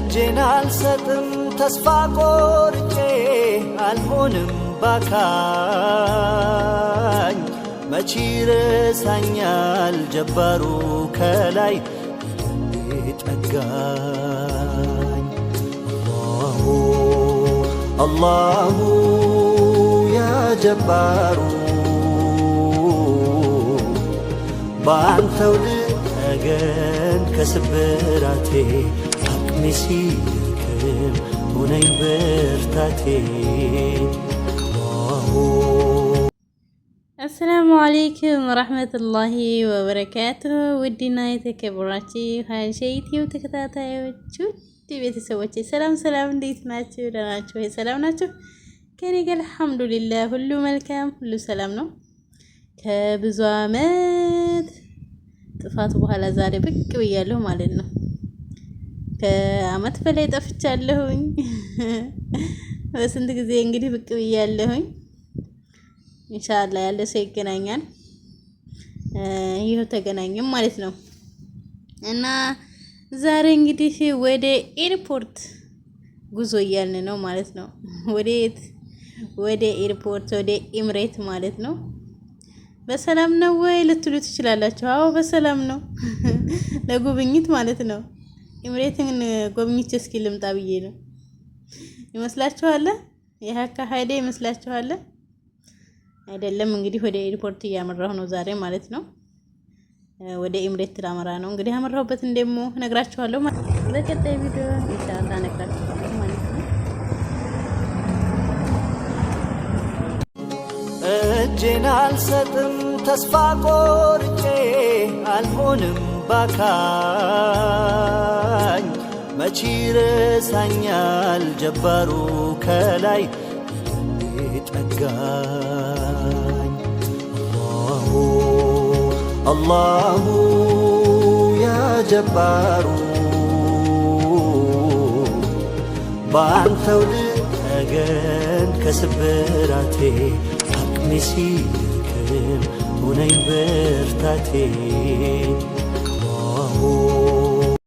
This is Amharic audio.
እጄን አልሰጥም ተስፋ ቆርጬ አልሆንም ባካኝ መቼ ረሳኛል ጀባሩ ከላይ ጠጋኝ አላሁ አላሁ ያ ጀባሩ በአንተው ልጠገን ከስብራቴ ምስክርም ሁነኝ በርታቴ። አሰላሙ አሌይኩም ረህመቱላሂ ወበረካቱሁ። ውድና የተከበራችሁ ሀሸኢትዮ ተከታታዮች ውድ ቤተሰቦች ሰላም ሰላም፣ እንዴት ናችሁ? ደህና ናችሁ ወይ? ሰላም ናችሁ? ከኔ ጋር አልሐምዱሊላህ ሁሉ መልካም፣ ሁሉ ሰላም ነው። ከብዙ አመት ጥፋት በኋላ ዛሬ ብቅ ብያለሁ ማለት ነው። ከአመት በላይ ጠፍቻለሁኝ። በስንት ጊዜ እንግዲህ ብቅ ብያለሁኝ። እንሻላ ያለ ሰው ይገናኛል። ይኸው ተገናኘም ማለት ነው እና ዛሬ እንግዲህ ወደ ኤርፖርት ጉዞ እያልን ነው ማለት ነው። ወዴት? ወደ ኤርፖርት ወደ ኤምሬት ማለት ነው። በሰላም ነው ወይ ልትሉ ትችላላችሁ። አዎ በሰላም ነው፣ ለጉብኝት ማለት ነው። ኢምሬትን ጎብኝቼ እስኪ ልምጣ ብዬ ነው። ይመስላችኋል? የሀካ ሀይዴ ይመስላችኋል? አይደለም። እንግዲህ ወደ ኤርፖርት እያመራሁ ነው ዛሬ ማለት ነው። ወደ ኢምሬት ላመራ ነው እንግዲህ ያመራሁበትን ደግሞ እነግራችኋለሁ ማለት ቪዲዮ ኢንሻአላህ እነግራችኋለሁ ማለት ነው። እጄን አልሰጥም ተስፋ ቆርጬ አልሆንም ባካ መቼ ረሳኛል ጀባሩ ከላይ ጠጋኝ አላሁ አላሁ ያ ጀባሩ በአንተው ልጠገን ከስብራቴ አቅሜ ሲደክም ሁነኝ ብርታቴ አላሁ